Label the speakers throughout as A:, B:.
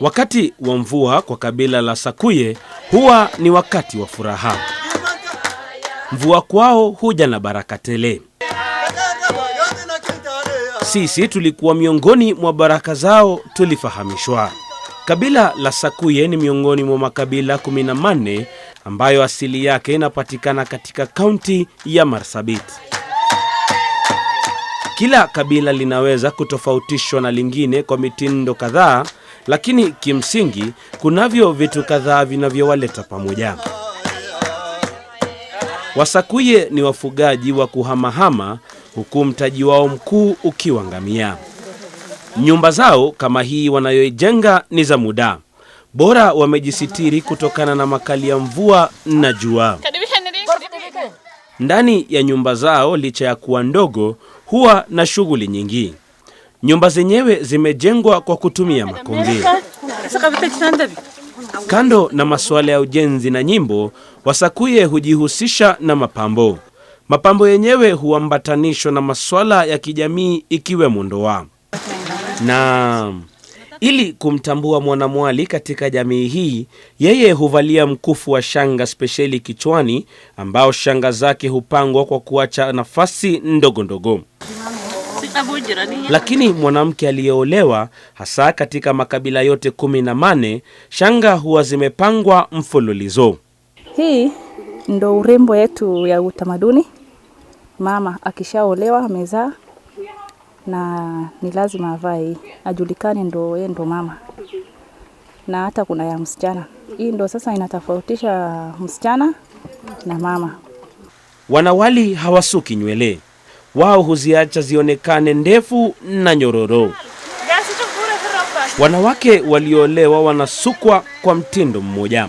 A: Wakati wa mvua kwa kabila la Sakuye huwa ni wakati wa furaha. Mvua kwao huja na baraka tele. Sisi tulikuwa miongoni mwa baraka zao, tulifahamishwa. Kabila la Sakuye ni miongoni mwa makabila 14 ambayo asili yake inapatikana katika kaunti ya Marsabit. Kila kabila linaweza kutofautishwa na lingine kwa mitindo kadhaa lakini kimsingi kunavyo vitu kadhaa vinavyowaleta pamoja. Wasakuye ni wafugaji wa kuhamahama, huku mtaji wao mkuu ukiwa ngamia. Nyumba zao kama hii wanayoijenga ni za muda, bora wamejisitiri kutokana na makali ya mvua na jua. Ndani ya nyumba zao, licha ya kuwa ndogo, huwa na shughuli nyingi. Nyumba zenyewe zimejengwa kwa kutumia makonge. Kando na masuala ya ujenzi na nyimbo, Wasakuye hujihusisha na mapambo. Mapambo yenyewe huambatanishwa na masuala ya kijamii ikiwemo ndoa. Na ili kumtambua mwanamwali katika jamii hii, yeye huvalia mkufu wa shanga spesheli kichwani, ambao shanga zake hupangwa kwa kuacha nafasi ndogo ndogo. Lakini mwanamke aliyeolewa, hasa katika makabila yote kumi na mane, shanga huwa zimepangwa mfululizo.
B: Hii ndo urembo yetu ya utamaduni. Mama akishaolewa amezaa na ni lazima avae ajulikane, ndo yeye ndo mama, na hata kuna ya msichana. Hii ndo sasa inatofautisha msichana na mama.
A: Wanawali hawasuki nywele wao huziacha zionekane ndefu na nyororo. Wanawake walioolewa wanasukwa kwa mtindo mmoja.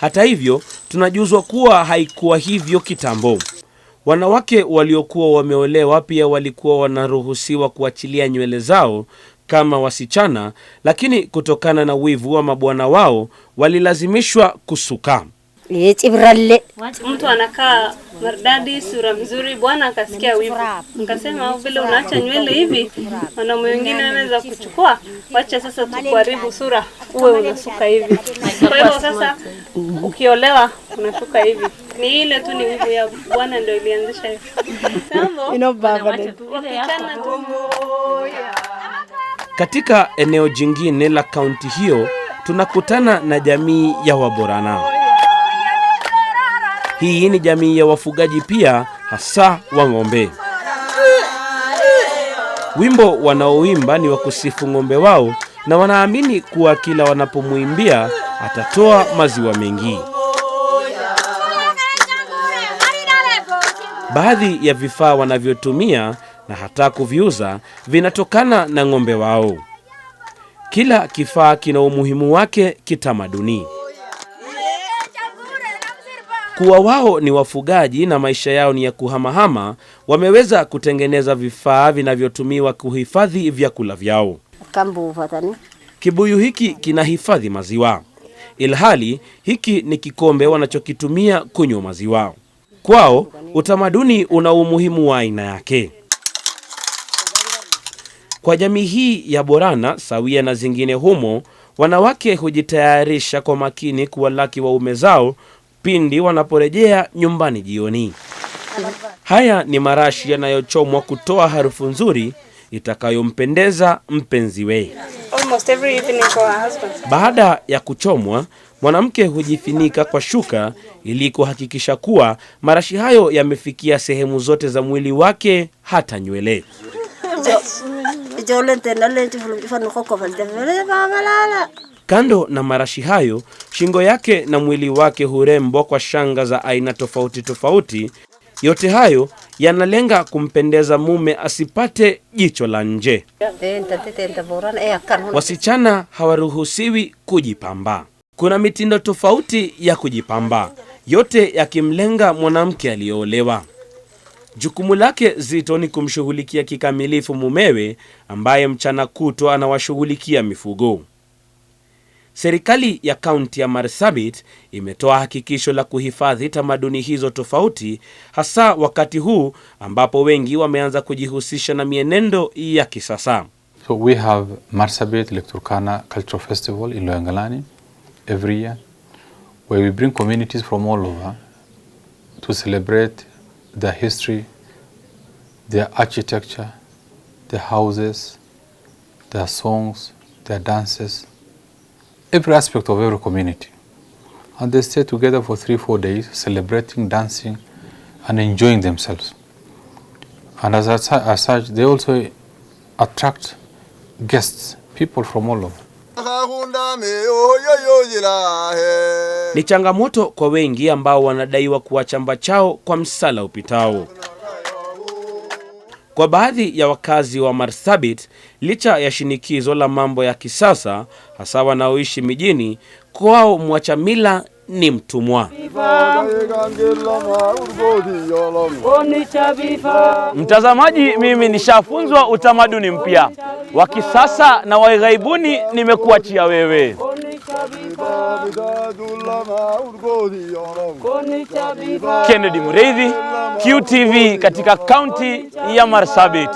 A: Hata hivyo, tunajuzwa kuwa haikuwa hivyo kitambo. Wanawake waliokuwa wameolewa pia walikuwa wanaruhusiwa kuachilia nywele zao kama wasichana, lakini kutokana na wivu wa mabwana wao walilazimishwa kusuka.
C: Chibrale.
D: Mtu anakaa maridadi, sura mzuri, bwana akasikia wivu, nikasema vile unaacha nywele hivi, wanaume wengine wanaweza kuchukua, wacha sasa tukuharibu sura, uwe unasuka hivi. Kwa hiyo sasa ukiolewa unasuka hivi. Ni ile tu ni wivu ya bwana ndio ilianzisha hiyo.
A: Katika eneo jingine la kaunti hiyo tunakutana na jamii ya Waborana. Hii ni jamii ya wafugaji pia, hasa wa ng'ombe. Wimbo wanaoimba ni wa kusifu ng'ombe wao, na wanaamini kuwa kila wanapomwimbia atatoa maziwa mengi. Baadhi ya vifaa wanavyotumia na hata kuviuza vinatokana na ng'ombe wao. Kila kifaa kina umuhimu wake kitamaduni kuwa wao ni wafugaji na maisha yao ni ya kuhamahama, wameweza kutengeneza vifaa vinavyotumiwa kuhifadhi vyakula vyao. Kibuyu hiki kinahifadhi maziwa, ilhali hiki ni kikombe wanachokitumia kunywa maziwa. Kwao utamaduni una umuhimu wa aina yake. Kwa jamii hii ya Borana sawia na zingine humo, wanawake hujitayarisha kwa makini kuwalaki waume zao pindi wanaporejea nyumbani jioni. Haya ni marashi yanayochomwa kutoa harufu nzuri itakayompendeza mpenziwe. Baada ya kuchomwa, mwanamke hujifinika kwa shuka ili kuhakikisha kuwa marashi hayo yamefikia sehemu zote za mwili wake hata nywele. Kando na marashi hayo, shingo yake na mwili wake hurembwa kwa shanga za aina tofauti tofauti. Yote hayo yanalenga kumpendeza mume asipate jicho la nje. Wasichana hawaruhusiwi kujipamba. Kuna mitindo tofauti ya kujipamba, yote yakimlenga mwanamke aliyeolewa. Jukumu lake zito ni kumshughulikia kikamilifu mumewe ambaye mchana kutwa anawashughulikia mifugo. Serikali ya kaunti ya Marsabit imetoa hakikisho la kuhifadhi tamaduni hizo tofauti, hasa wakati huu ambapo wengi wameanza kujihusisha na mienendo ya kisasa.
E: So we have Marsabit Lekturkana Cultural Festival in Loyangalani every year where we bring communities from all over to celebrate their history, their architecture, their houses, their songs, their dances every aspect of every community. And they stay together for three, four days, celebrating, dancing, and enjoying themselves. And as, as, such, they also attract guests, people from all over.
A: Ni changamoto kwa wengi ambao wanadaiwa kuwa chamba chao kwa msala upitao. Kwa baadhi ya wakazi wa Marsabit, licha ya shinikizo la mambo ya kisasa, hasa wanaoishi mijini, kwao mwacha mila ni mtumwa. Mtazamaji, mimi nishafunzwa utamaduni mpya wa kisasa na waghaibuni nimekuachia wewe. Kennedy Mureithi, QTV katika kaunti ya Marsabit.